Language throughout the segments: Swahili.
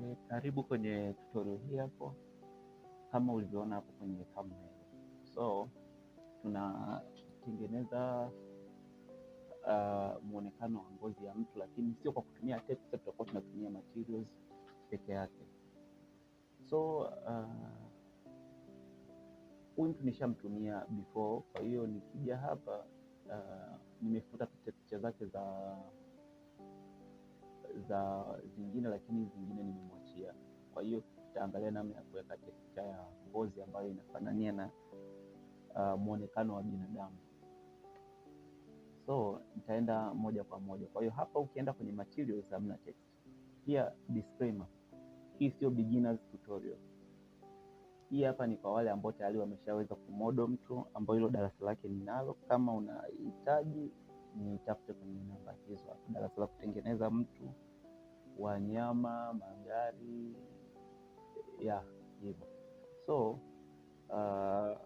Okay, karibu kwenye tutorial hii hapo, kama ulivyoona hapo kwenye thumbnail. So tunatengeneza uh, mwonekano wa ngozi ya mtu, lakini sio kwa kutumia text, tutakuwa tunatumia materials peke yake. So uh, huyu uh, mtu nishamtumia before, kwa hiyo nikija hapa uh, nimefuta picha zake za za zingine, lakini zingine nimemwachia. Kwa hiyo tutaangalia namna ya kuweka texture ya ngozi ambayo inafanania na uh, mwonekano wa binadamu. So nitaenda moja kwa moja. Kwa hiyo hapa ukienda kwenye materials hamna text. Pia disclaimer, hii sio beginners tutorial. Hii hapa ni kwa wale ambao tayari wameshaweza kumodo mtu ambao hilo darasa lake ninalo. Kama unahitaji nitafute kwenye namba hizo, darasa la kutengeneza mtu wanyama, magari ya hivyo. So uh,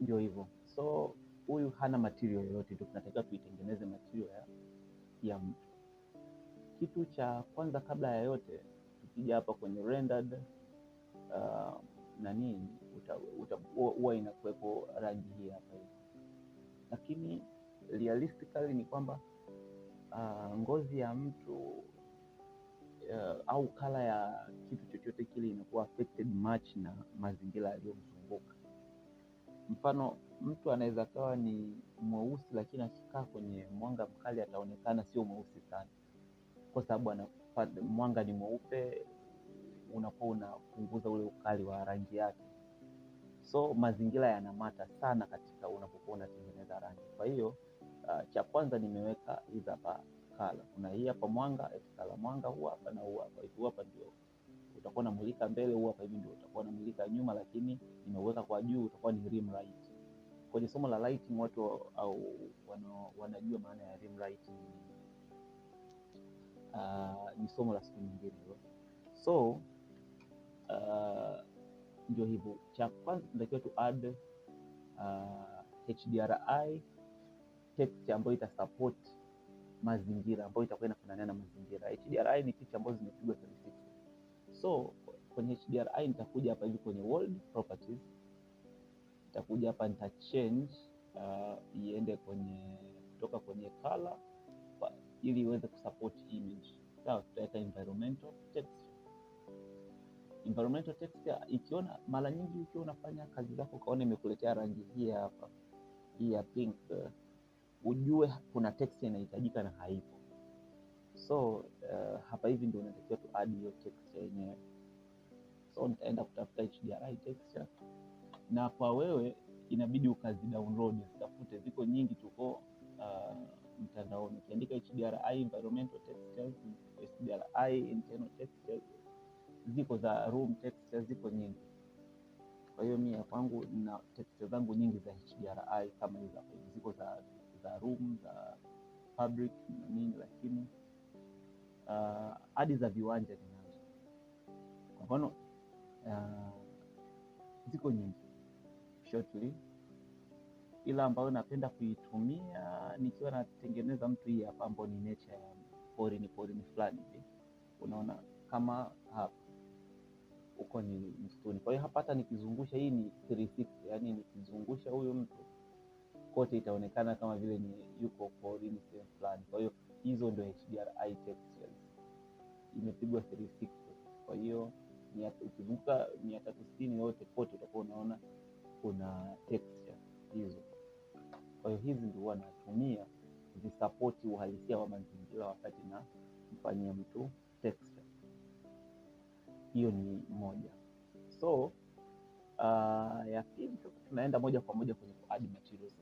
ndio hivyo. So huyu hana material yoyote ndio tunatakiwa tuitengeneze material ya, ya mtu. Kitu cha kwanza kabla ya yote, tukija hapa kwenye rendered uh, nini huwa inakuwepo rangi hii hapa hivi, lakini realistically ni kwamba uh, ngozi ya mtu uh, au kala ya kitu chochote kile inakuwa affected much na mazingira yaliyomzunguka. Mfano, mtu anaweza kawa ni mweusi, lakini akikaa kwenye mwanga mkali ataonekana sio mweusi sana, kwa sababu anapata mwanga ni mweupe, unakuwa unapunguza ule ukali wa rangi yake. So mazingira yanamata sana katika unapokuwa unatengeneza rangi, kwa hiyo Uh, cha kwanza nimeweka hizi hapa kala. Kuna hii hapa mwanga, kala mwanga huu hapa na huu hapa. Huu hapa ndio utakuwa unamulika mbele, huu hapa hivi ndio utakuwa unamulika nyuma, lakini nimeweka kwa juu, utakuwa ni rim light. Kwenye somo la lighting watu au wanajua maana ya rim lighting uh, ni somo la siku nyingine hilo. So uh, ndio hivyo, cha kwanza natakiwa tu add uh, HDRI architecture ambayo itasupport mazingira ambayo itakuwa inafanana na mazingira. HDRI ni kitu ambazo zimepigwa 360. So kwenye HDRI nitakuja hapa hivi kwenye world properties, nitakuja hapa nita change uh, iende kwenye kutoka kwenye color ili iweze kusupport image. Sawa, So, tutaweka environmental text. Environmental text ikiona, mara nyingi ukiwa unafanya kazi zako ukaona imekuletea rangi hii hapa hii ya pink uh, ujue kuna text inahitajika na haipo. So uh, hapa hivi ndio unatakiwa tu add hiyo text yenyewe. So nitaenda kutafuta HDRI text, na kwa wewe inabidi ukazi download zitafute, ziko nyingi tuko uh, mtandaoni. Ukiandika HDRI environmental textures, HDRI internal textures, ziko za room ziko nyingi. Kwa hiyo mimi kwangu na textures zangu nyingi za HDRI kama hizo ziko za za room za fabric na nini, lakini uh, hadi uh, za viwanja ninazo. Kwa mfano uh, ziko nyingi shortly, ila ambayo napenda kuitumia nikiwa natengeneza mtu hii hapa, ambao ni nature ya porini porini fulani hivi, unaona kama hapa huko ni msituni. Kwa hiyo hapa hata nikizungusha hii ni 360, yani nikizungusha huyu mtu kote itaonekana kama vile ni yuko porini sehemu fulani. Kwa hiyo hizo ndio HDRI textures imepigwa 360. Kwa hiyo ukivuka mia tatu sitini yote kote utakuwa unaona kuna texture hizo. Kwa hiyo hizi ndio huwa natumia zisapoti uhalisia wa mazingira wakati na mfanyia mtu texture. Hiyo ni moja. So uh, ya pili tunaenda moja kwa moja kwenye add materials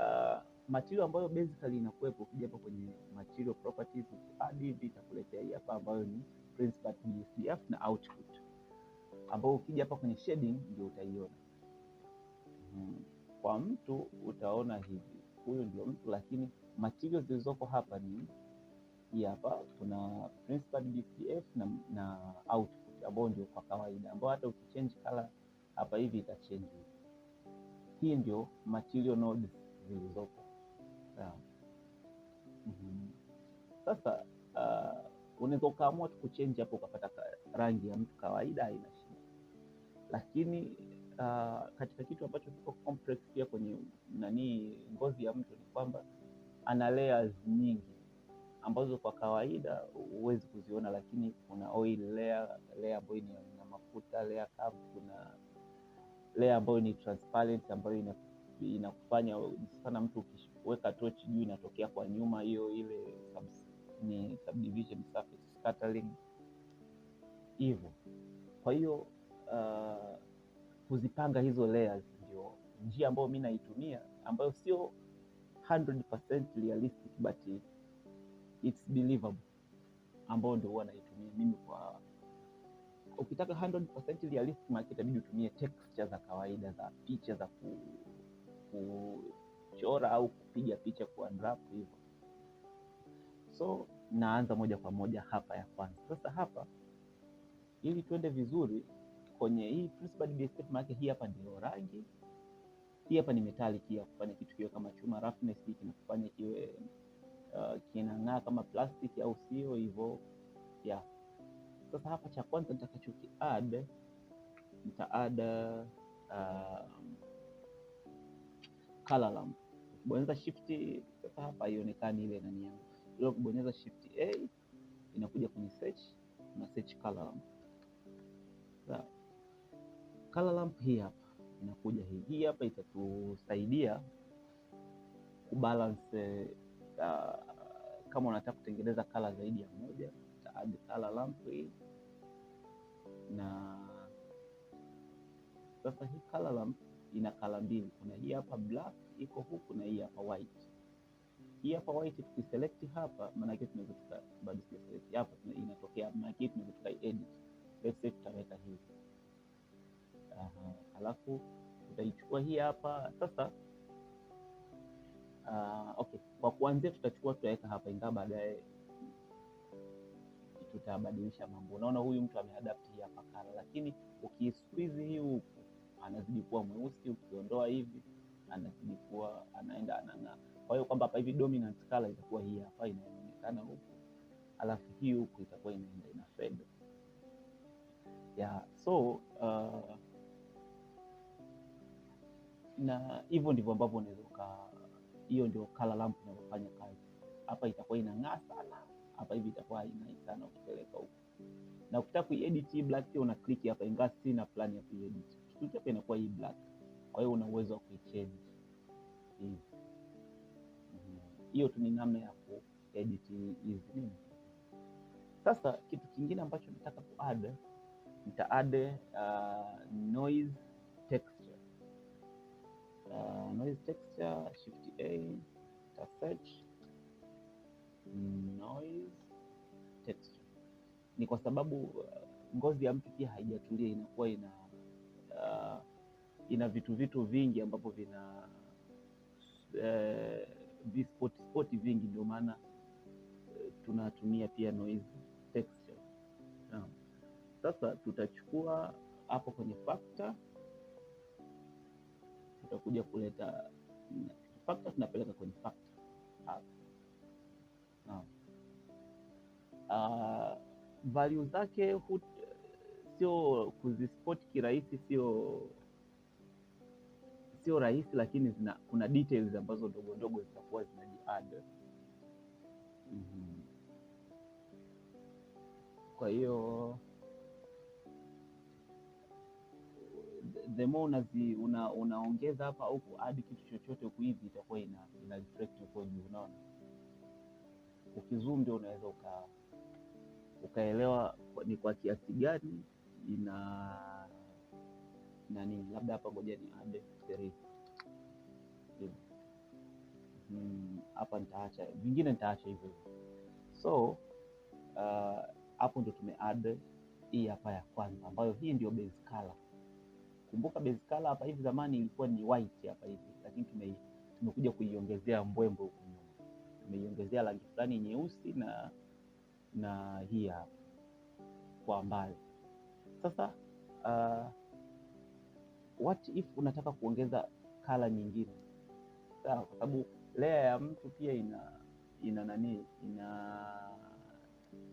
matirio uh, material ambayo basically inakuwepo ukija hapa kwenye material properties hadi hivi itakuletea hii hapa ambayo ni principal PDCF na output, ambao ukija hapa kwenye shading ndio utaiona. Hmm. Kwa mtu utaona hivi, huyu ndio mtu, lakini material zilizoko hapa ni hii hapa, kuna principal PDCF na, na output ambao ndio kwa kawaida, ambao hata ukichange color hapa hivi itachange. Hii ndio material nodes zilizopo mm-hmm. Sasa uh, unaweza ukaamua tu kuchenji hapo ukapata rangi ya mtu kawaida, haina shida, lakini uh, katika kitu ambacho kiko complex pia kwenye nani ngozi ya mtu ni kwamba ana layers nyingi ambazo kwa kawaida huwezi kuziona, lakini kuna oil layer, layer ambayo ina mafuta layer, kuna layer ambayo ni transparent ambayo ina inakufanya sana. Mtu ukiweka tochi juu inatokea kwa nyuma, hiyo ile ni subdivision surface scattering hivyo. Kwa hiyo uh, kuzipanga hizo layers ndio njia ambayo mi naitumia ambayo sio 100% realistic but it's believable, ambayo ndio huwa naitumia mimi kwa ukitaka 100% realistic maana itabidi utumie texture za kawaida za picha za ku kuchora au kupiga picha kuunwrap hivyo. So naanza moja kwa moja hapa ya kwanza. Sasa hapa ili tuende vizuri kwenye hii principal base maana hii hapa ndio rangi, hii hapa ni metallic ya kufanya kitu kiwe kama chuma, roughness hii kinakufanya kiwe uh, kinang'aa kama plastic au sio hivyo yeah. Sasa hapa cha kwanza nitakachoki add nita add uh, parallax. Ukibonyeza shift sasa hapa haionekani ile nani yangu. Leo ukibonyeza shift A inakuja kwenye search na search color lamp. Color lamp hii hapa inakuja hii. Hii hapa itatusaidia kubalance uh, kama unataka kutengeneza kala zaidi ya moja ta add color lamp hii na sasa hii color lamp ina kala mbili, kuna hii hapa black iko huku na hii hapa white. Hii hapa white tukiselect hapa, maana yake tunaweza tuka bado select hapa, inatokea maana yake tunaweza tuka edit. Let's say tutaweka hivi, uh, alafu tutaichukua hii hapa sasa. Uh, okay, kwa kuanzia tutachukua tutaweka hapa, ingawa baadaye tutabadilisha mambo. Unaona huyu mtu ameadapt hii hapa kala, lakini ukisqueeze hii huku anazidi kuwa mweusi, ukiondoa hivi anazidi kuwa anaenda anang'aa. Kwa hiyo kwamba hapa hivi dominant color itakuwa hii hapa inaonekana huku, alafu hii huku itakuwa inaenda ina fade ya So uh, na hivyo ndivyo ambavyo unaweza ka, hiyo ndio color lamp inavyofanya kazi. Hapa itakuwa inang'aa sana, hapa hivi itakuwa haing'ai sana ukipeleka huku, na ukitaka kuiedit black una click hapa, ingawa sina plan ya kuiedit hiki hapa inakuwa hii black, kwa hiyo una uwezo wa kuichange hivi. Hiyo tu ni namna ya ku edit hizi. Sasa kitu kingine ambacho nataka ku add, nita add uh, noise texture uh, noise texture, shift a, ta fetch noise texture. Ni kwa sababu uh, ngozi ya mtu pia haijatulia inakuwa ina uh, ina vitu vitu vingi ambapo vina uh, spoti vingi, ndio maana uh, tunatumia pia noise texture. Naam, sasa tutachukua hapo kwenye factor, tutakuja kuleta factor, tunapeleka kwenye factor hapo. Naam, uh, value zake sio kuzispoti kirahisi, sio sio rahisi, lakini zina, kuna details ambazo ndogo ndogo zitakuwa zinajiada. mm -hmm. Kwa hiyo the more una, unaongeza hapa au kuadi kitu chochote huku hivi itakuwa ina, ina reflect huko juu. Unaona, ukizoom ndio unaweza ukaelewa ni kwa kiasi gani ina nani, labda hapa, ngoja ni three hmm, hapa hmm, nitaacha vingine, nitaacha hivyo hivyo. So uh, hapo uh, tume add hii hapa ya kwanza, ambayo hii ndio base color. Kumbuka base color hapa hivi zamani ilikuwa ni white hapa hivi, lakini tume tumekuja kuiongezea mbwembo huko nyuma, tumeiongezea rangi fulani nyeusi na na hii hapa kwa mbali sasa uh, what if unataka kuongeza kala nyingine sawa, ah, kwa sababu lea ya mtu pia ina ina nani ina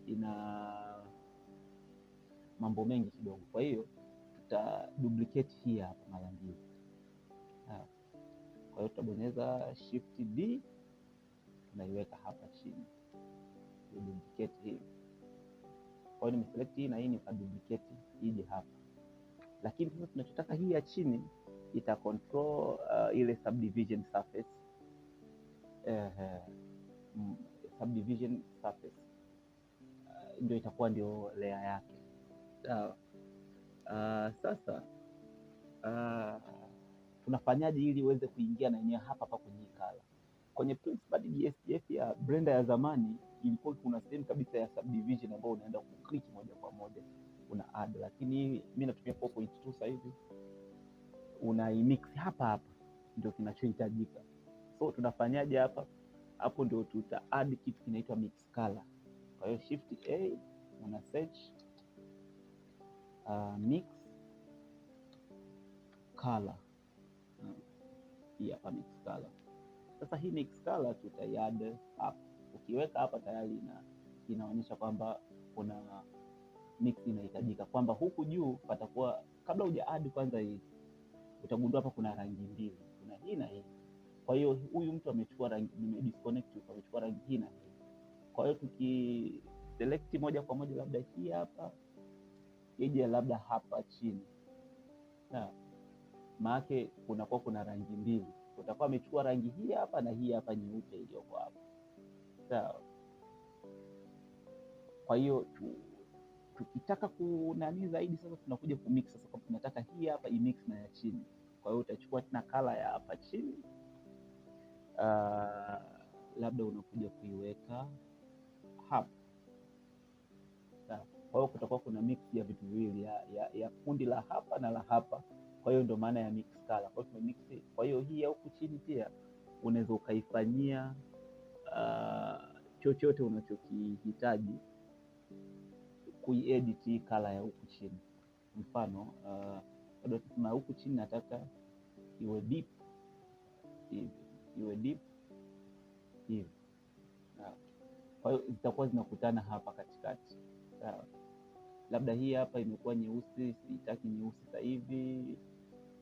ina mambo mengi kidogo, kwa hiyo tuta duplicate hii hapa mara mbili. Ah, kwa hiyo tutabonyeza shift D tunaiweka hapa chini duplicate hii kwa hiyo nimeselect hii na hii nika duplicate ije hapa, lakini sasa tunachotaka hii ya chini ita control uh, ile subdivision surface uh, subdivision surface uh, ndio itakuwa ndio layer yake sawa. uh, uh, sasa uh, tunafanyaje ili uweze kuingia na yenyewe hapa hapa kwenye color kwenye DSTF ya Brenda ya zamani ilikuwa kuna sehemu kabisa ya subdivision ambayo unaenda kuclick moja kwa moja una add, lakini mimi natumia 4.2 sasa hivi, una mix hapa hapa, ndio kinachohitajika. So tunafanyaje hapa? Hapo ndio tuta add kitu kinaitwa mix color. Kwa hiyo shift A una search uh, mix color hii hapa mix color sasa hii next color tutaiadd yaani hapa, ukiweka hapa tayari ina inaonyesha kwamba kuna mix inahitajika, kwamba huku juu patakuwa, kabla uja add kwanza hii, utagundua hapa kuna rangi mbili, kuna hii na hii. Kwa hiyo huyu mtu amechukua rangi, nimedisconnect amechukua rangi hii na hii. Kwa hiyo tuki select moja kwa moja, labda hii hapa ije labda hapa chini, maanake kunakuwa kuna rangi mbili utakuwa amechukua rangi hii hapa na hii hapa nyeupe iliyoko hapa, sawa. Kwa hiyo tukitaka kunani zaidi, sasa tunakuja kumix sasa, kwa tunataka hii hapa imix na ya chini. Kwa hiyo utachukua tena kala ya hapa chini, uh, labda unakuja kuiweka hapa sawa. Kwa hiyo kutakuwa kuna mix ya vitu viwili ya, ya, ya kundi la hapa na la hapa. Kwa hiyo ndio maana ya mix color. Kwa hiyo mix. Kwa hiyo hii huku chini pia unaweza ukaifanyia uh, chochote unachokihitaji kuiedit hii color ya huku chini. Mfano uh, labda uh, huku chini nataka iwe deep hivi, iwe deep hivi. Kwa hiyo zitakuwa zinakutana hapa katikati, sawa. Labda hii hapa imekuwa nyeusi, sitaki nyeusi sasa hivi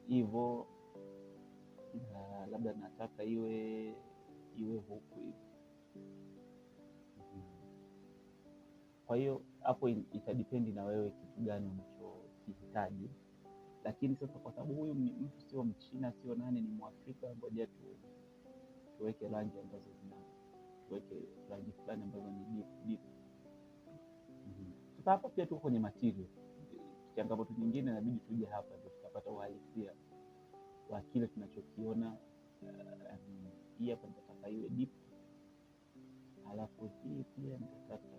hivyo, na labda nataka iwe iwe huku hivi. Kwa hiyo hapo itadipendi na wewe kitu gani unachokihitaji, lakini sasa kwa sababu huyu mtu sio Mchina sio nani, ni Mwafrika, ngoja tu tuweke rangi ambazo zina tuweke rangi fulani ambazo ni deep deep. Sasa hapa pia tuko kwenye material, changamoto nyingine inabidi tuje hapa ndio kupata uhalisia wa kile tunachokiona. Uh, hii hapa nitakata iwe deep, alafu hii pia nitakata uh,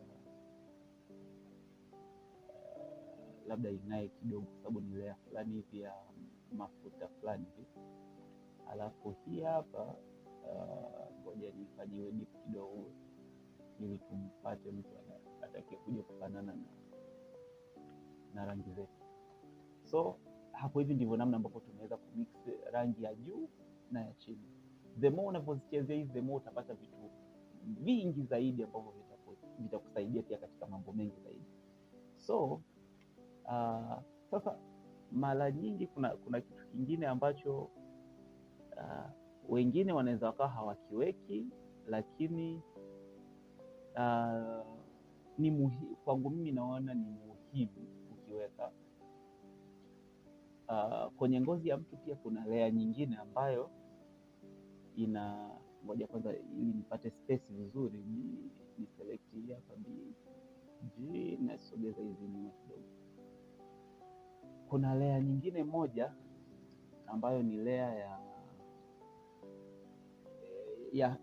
labda inaye kidogo, kwa sababu ni lea fulani hivi ya mafuta fulani hivi, alafu hii hapa uh, ngoja uh, nifanye iwe deep kidogo ili tumpate mtu atakaye kuja kufanana na, na rangi zetu so hapo. Hivi ndivyo namna ambavyo tunaweza kumix rangi ya juu na ya chini. The more unavyozichezea hizi, the more utapata vitu vingi zaidi ambavyo vitakusaidia pia katika mambo mengi zaidi. So uh, sasa mara nyingi kuna, kuna kitu kingine ambacho uh, wengine wanaweza wakawa hawakiweki lakini uh, ni kwangu mimi naona ni muhimu uh, kwenye ngozi ya mtu pia kuna lea nyingine ambayo ina ngoja kwanza, ili nipate space vizuri, ni select hii hapa bg, nasogeza hizi nyuma kidogo. Kuna lea nyingine moja ambayo ni lea ya ya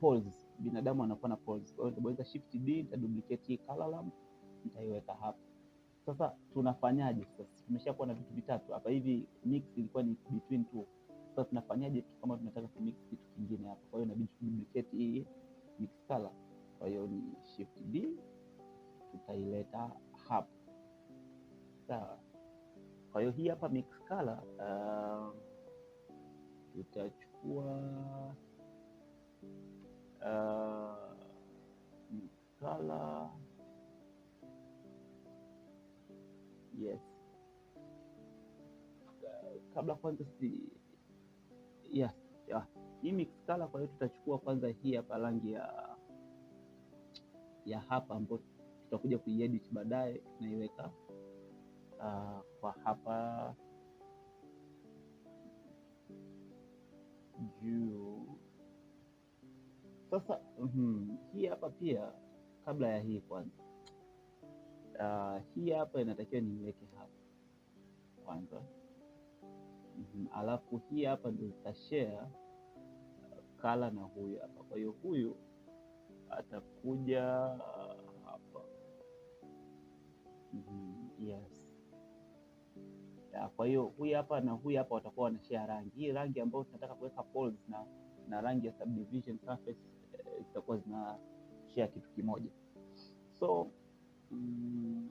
poles. Binadamu anakuwa na poles, kwa hiyo nitabonyeza shift d, nitaduplicate hii color lamp, nitaiweka hapa sasa tunafanyaje sasa? Tumeshakuwa na vitu vitatu hapa hivi, mix ilikuwa ni between two. Sasa tunafanyaje kama tunataka ku mix kitu kingine hapa? Kwa hiyo inabidi duplicate hii mix color. Kwa hiyo ni shift D tutaileta hapa, sawa. Kwa hiyo hii hapa mix color uh, tutachukua uh, mix color yes. Kabla kwanza si yes, yeah. Hii mix color, kwa hiyo tutachukua kwanza hii hapa rangi ya ya hapa ambayo tutakuja kuiedit baadaye, tunaiweka uh, kwa hapa juu sasa. mm -hmm. Hii hapa pia kabla ya hii kwanza uh, hii hapa inatakiwa niiweke hapa kwanza. mm -hmm. Alafu hii hapa ndio itashare kala uh, na huyu hapa, kwa hiyo huyu atakuja uh, hapa. mm -hmm. Yes. Kwa hiyo huyu hapa na huyu hapa watakuwa wanashea rangi. Hii rangi ambayo tunataka kuweka poles na na rangi ya subdivision surface eh, zitakuwa zina share kitu kimoja so Mm.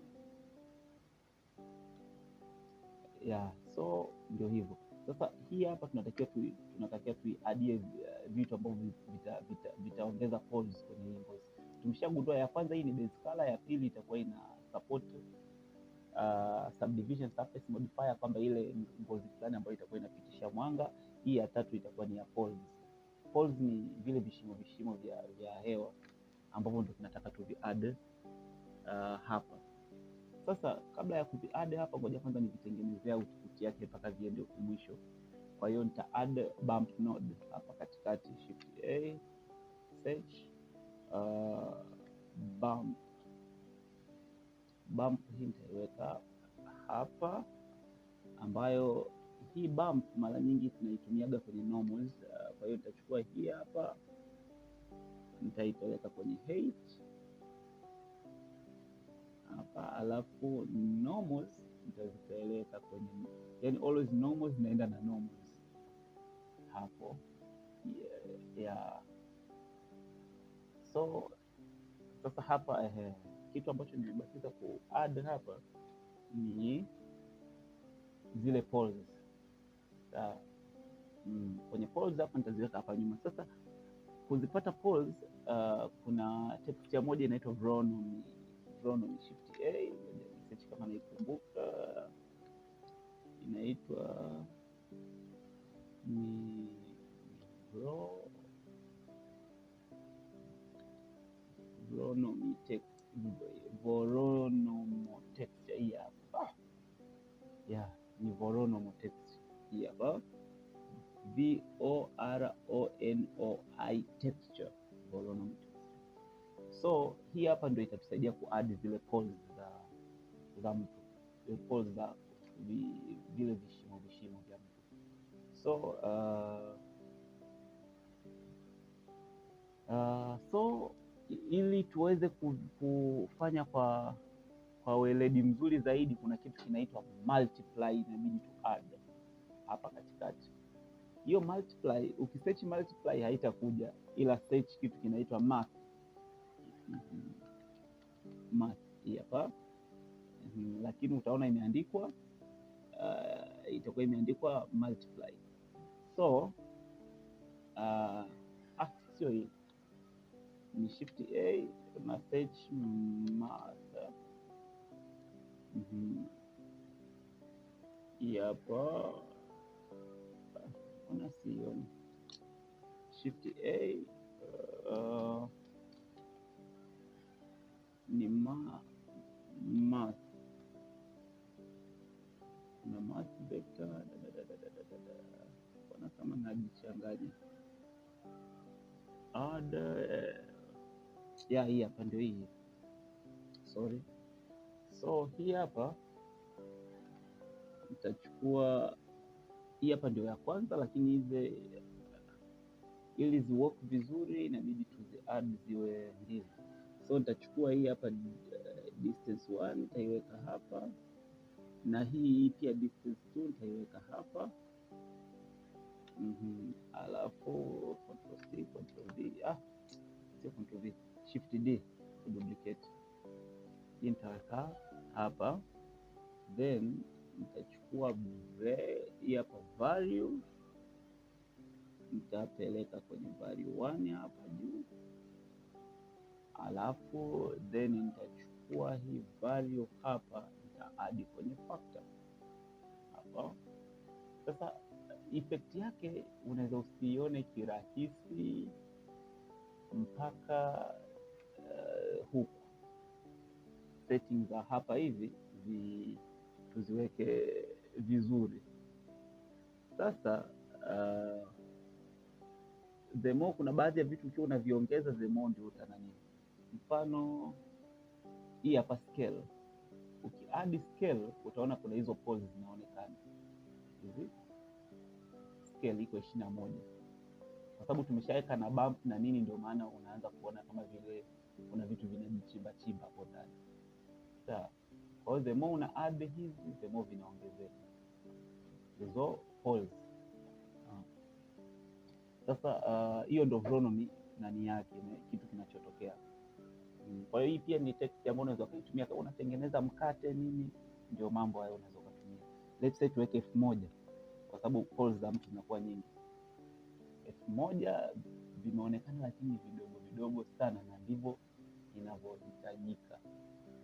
yeah, so ndio hivyo sasa. Hii hapa tunatakiwa tu, tunatakiwa tuiadie uh, vitu ambavyo vitaongeza vita, vita kwenye hii invoice. Tumeshagundua ya kwanza hii ni base color, ya pili itakuwa ina support uh, subdivision surface modifier kwamba ile ngozi fulani ambayo itakuwa inapitisha mwanga. Hii ya tatu itakuwa ni ya poles. Poles ni vile vishimo vishimo vya, vya hewa ambavyo ndio tunataka tuvi add Eh, hapa sasa. Kabla ya kuviad add hapa, ngoja kwanza nivitengenezea output yake mpaka viende huko mwisho. Kwa hiyo nita add bump node hapa katikati, shift a search uh, bump bump hii nitaiweka hapa, ambayo hii bump mara nyingi tunaitumiaga kwenye normals. Eh, kwa hiyo nitachukua hii hapa nitaipeleka kwenye height hapa, alafu normals nitazipeleka kwenye yani always normals zinaenda na normals hapo yeah, yeah. So sasa hapa eh, kitu ambacho nimebakiza ku add hapa ni zile poles Mm, kwenye poles hapa nitaziweka hapa nyuma. Sasa kuzipata poles, uh, kuna teknolojia moja inaitwa Voronoi Zone shift A, search kama naikumbuka, inaitwa ni Voronoi ya ni Voronoi hii hapa, V O R O N O I text hii hapa ndio itatusaidia ku add zile poles za za mtu, zile poles za vile vishimo vishimo vya mtu. So uh, uh, so ili tuweze kufanya kwa kwa weledi mzuri zaidi, kuna kitu kinaitwa multiply inabidi tu add hapa katikati. Hiyo multiply ukisearch multiply haitakuja, ila search kitu kinaitwa math Mark hapa, mm, lakini utaona imeandikwa uh, itakuwa imeandikwa multiply. So uh, sio hii ni shift A na search math hapa, ona sioni shift A uh, ni ma na mat vector kama najichanganya ah, ya hii hapa ndio hii, sorry. So hii hapa itachukua hii hapa ndio ya kwanza, lakini hizi ili ziwork vizuri inabidi tuzi add ziwe mbili so nitachukua hii hapa eh, distance 1 nitaiweka hapa na hii pia distance 2 nitaiweka hapa mm -hmm. Alafu control C control V, ah, sio control V, shift D to duplicate. hii nitaweka hapa, then nitachukua hii hapa value nitapeleka kwenye value 1 hapa juu alafu then nitachukua hii value hapa nitaadi kwenye factor hapo. Sasa effect yake unaweza usione kirahisi mpaka uh, eh, huku setting za hapa hivi zi, tuziweke vizuri sasa uh, the more kuna baadhi ya vitu ukiwa unaviongeza the more ndio utanani mfano hii hapa scale. Ukiadi scale utaona kuna hizo poles zinaonekana hivi, scale iko ishirini na moja kwa sababu tumeshaweka na bump na nini, ndio maana unaanza kuona kama vile kuna vitu vinajichimba chimba hapo ndani. Sawa, kwa hiyo the more una add hizi the more vinaongezeka hizo poles. Sasa ah, hiyo uh, ndio Vonomy nani yake kitu kinachotokea kwa hiyo hii pia ni tekniki ambayo unaweza kuitumia kama unatengeneza mkate nini, ndio mambo hayo unaweza kutumia. Let's say tuweke elfu moja kwa sababu calls za mtu zinakuwa nyingi. Elfu moja vimeonekana, lakini vidogo vidogo sana, na ndivyo inavyohitajika.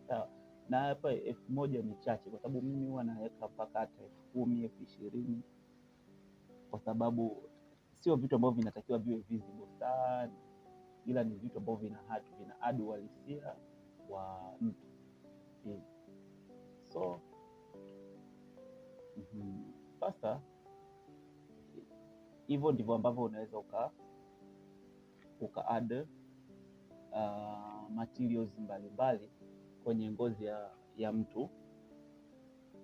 Sawa na hapa elfu moja ni chache, kwa sababu mimi huwa naweka mpaka hata elfu kumi elfu ishirini kwa sababu sio vitu ambavyo vinatakiwa viwe visible sana ila ni vitu ambavyo vina hatu vina adi walisia wa mtu So sasa mhm. mm hivyo ndivyo ambavyo unaweza uka uka add uh, materials mbalimbali kwenye ngozi ya, ya mtu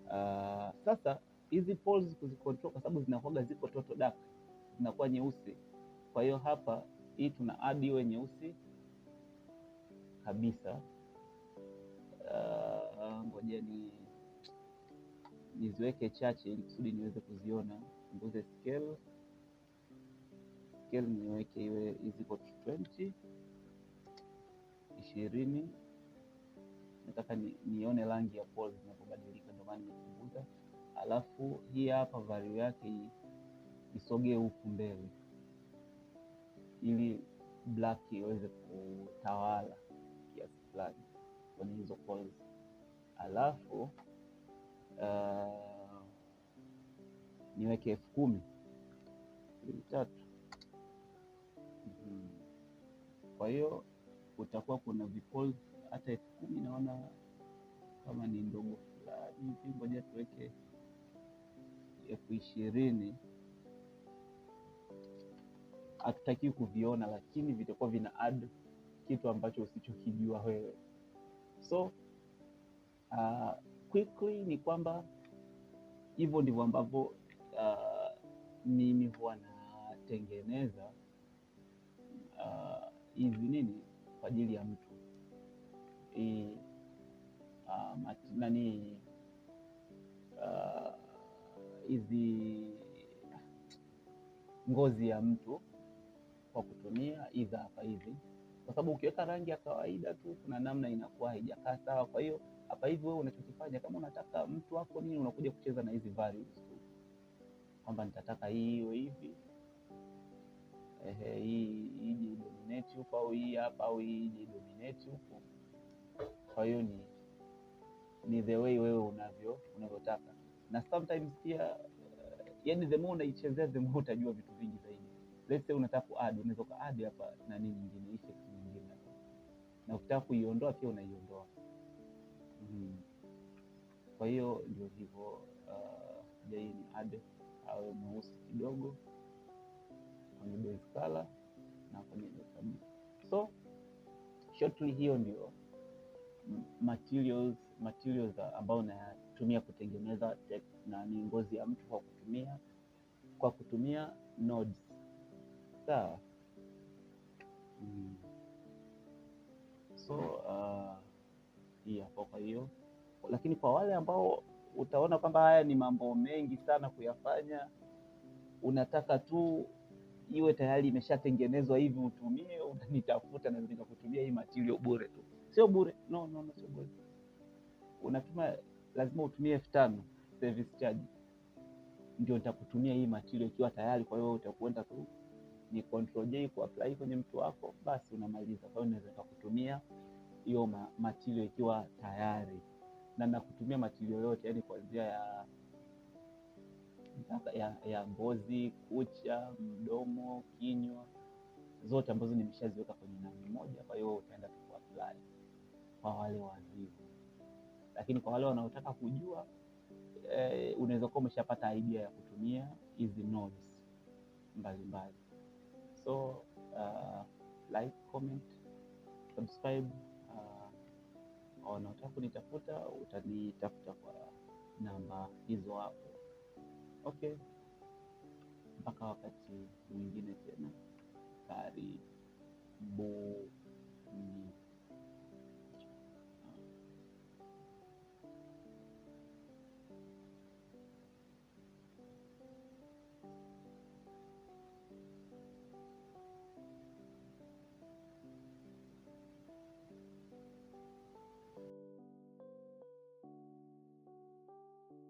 uh, sasa hizi poles kuzikontrol kwa sababu zinakuaga ziko toto dark zinakuwa nyeusi, kwa hiyo hapa hii tuna adi iwe nyeusi kabisa. Ah, ngoja uh, ni niziweke chache ili kusudi niweze kuziona. Punguze scale, scale niweke iwe iziko 20 ishirini. Nataka nione rangi ya pole zinapobadilika, ndio maana nimepunguza. Alafu hii hapa value yake isogee huku mbele ili black iweze kutawala kiasi fulani kwenye hizo calls, alafu uh, niweke elfu kumi tatu. Hmm. Kwa hiyo utakuwa kuna vicalls hata elfu kumi naona kama ni ndogo fulani, ngoja tuweke elfu ishirini hatutakiwi kuviona, lakini vitakuwa vina add kitu ambacho usichokijua wewe. So uh, quickly ni kwamba hivyo ndivyo ambavyo uh, mimi huwa natengeneza uh, hizi uh, nini kwa ajili ya mtu I, uh, mat, nani uh, hizi uh, ngozi ya mtu kwa kutumia idha hapa hivi, kwa sababu ukiweka rangi ya kawaida tu kuna namna inakuwa haijakaa sawa. Kwa hiyo hapa hivi wewe unachokifanya kama unataka mtu wako nini, unakuja kucheza na hizi values tu, kwamba nitataka hii iwe hivi, ehe, hii ije dominate huko au hii hapa au hii ije dominate huko. Kwa hiyo ni ni the way wewe unavyo unavyotaka, na sometimes pia, eh, yani the more unaichezea the more utajua vitu vingi zaidi let's say unataka add unaweza ku add hapa nani nyingine, hii nyingine hapa, na ukitaka kuiondoa pia unaiondoa. Mm. Kwa hiyo ndio hivyo uh, hii ni add au mweusi kidogo kwenye base color na kwenye So shortly, hiyo ndio materials materials ambao natumia kutengeneza text na ni ngozi ya mtu kwa kutumia kwa kutumia nodes sawa mm. So uh, hii Kwa hiyo lakini kwa wale ambao utaona kwamba haya ni mambo mengi sana kuyafanya, unataka tu iwe tayari imeshatengenezwa hivi, utumie, unanitafuta na nikakutumia hii matirio bure tu. Sio bure, no, no, no, sio bure. Unatuma, lazima utumie elfu tano service charge, ndio nitakutumia hii material ikiwa tayari. Kwa hiyo utakwenda tu ni control J kuapply kwenye mtu wako, basi unamaliza. Kwa hiyo unaweza kutumia hiyo material ikiwa tayari, na nakutumia material yote, yani kuanzia ya ya, ya ngozi, kucha, mdomo, kinywa, zote ambazo nimeshaziweka kwenye nani moja. Kwa hiyo utaenda tu kuapply kwa wale wavivu, lakini kwa wale wanaotaka kujua eh, unaweza kuwa umeshapata idea ya kutumia hizi nodes mbalimbali. So uh, like, comment, subscribe uh, unataka kunitafuta utanitafuta kwa namba hizo hapo. Okay, mpaka wakati mwingine tena, karibuni.